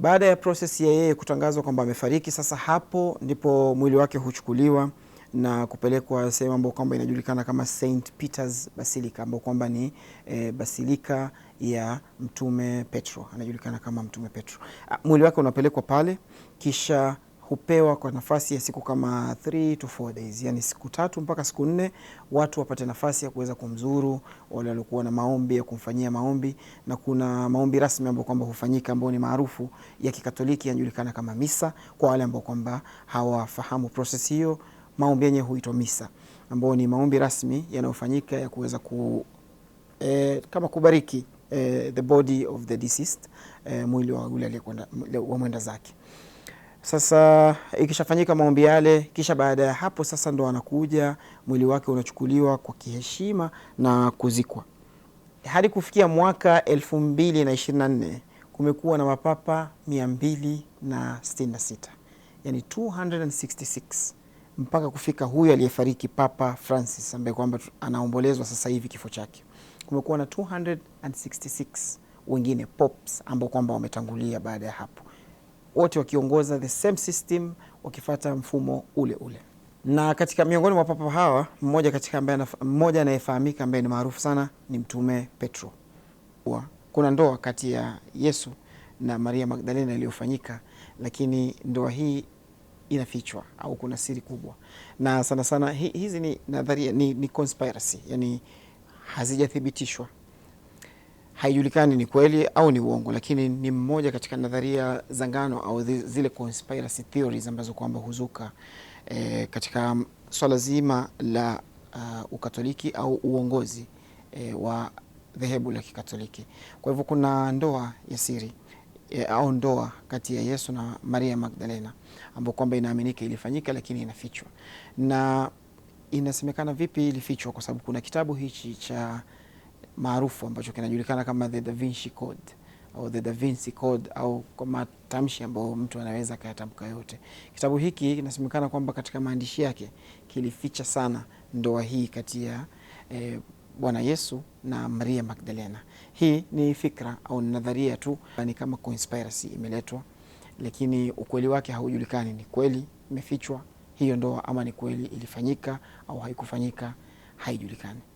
Baada ya prosesi ya yeye kutangazwa kwamba amefariki, sasa hapo ndipo mwili wake huchukuliwa na kupelekwa sehemu ambayo kwamba inajulikana kama St Peter's Basilica ambayo kwamba ni e, basilika ya Mtume Petro, anajulikana kama Mtume Petro. Ah, mwili wake unapelekwa pale kisha hupewa kwa nafasi ya siku kama 3 to 4 days, yani siku tatu mpaka siku nne, watu wapate nafasi ya kuweza kumzuru, wale waliokuwa na maombi ya kumfanyia maombi, na kuna maombi rasmi ambayo kwamba hufanyika ambayo ni maarufu ya Kikatoliki yanajulikana kama misa. Kwa wale ambao kwamba hawafahamu process hiyo, maombi yenyewe huitwa misa, ambayo ni maombi rasmi yanayofanyika ya kuweza ku eh, kama kubariki eh, the body of the deceased eh, mwili wa yule aliyekwenda wa mwenda zake. Sasa ikishafanyika maombi yale, kisha baada ya hapo sasa ndo anakuja mwili wake unachukuliwa kwa kiheshima na kuzikwa. Hadi kufikia mwaka elfu mbili na ishirini na nne kumekuwa na mapapa 266 yani 266 mpaka kufika huyu aliyefariki Papa Francis ambaye kwamba anaombolezwa sasa hivi kifo chake. Kumekuwa na 266 wengine pops ambao kwamba wametangulia baada ya hapo wote wakiongoza the same system, wakifata mfumo ule ule. Na katika miongoni mwa papa hawa mmoja katika ambaye mmoja anayefahamika ambaye ni maarufu sana ni Mtume Petro. Kuna ndoa kati ya Yesu na Maria Magdalena iliyofanyika, lakini ndoa hii inafichwa au kuna siri kubwa, na sana sana hizi ni nadharia, ni, ni conspiracy, yani hazijathibitishwa haijulikani ni kweli au ni uongo, lakini ni mmoja katika nadharia za ngano au zile conspiracy theories ambazo kwamba huzuka e, katika swala zima la uh, ukatoliki au uongozi e, wa dhehebu la Kikatoliki. Kwa hivyo kuna ndoa ya siri e, au ndoa kati ya Yesu na Maria Magdalena ambayo kwamba inaaminika ilifanyika, lakini inafichwa. Na inasemekana vipi ilifichwa? Kwa sababu kuna kitabu hichi cha maarufu ambacho kinajulikana kama the Da Vinci Code au the Da Vinci Code au kwa matamshi ambayo mtu anaweza akayatamka yote. Kitabu hiki kinasemekana kwamba katika maandishi yake kilificha sana ndoa hii kati ya eh, Bwana Yesu na Maria Magdalena. Hii ni fikra au nadharia tu, ni kama conspiracy imeletwa, lakini ukweli wake haujulikani. Ni kweli imefichwa hiyo ndoa ama ni kweli ilifanyika au haikufanyika, haijulikani.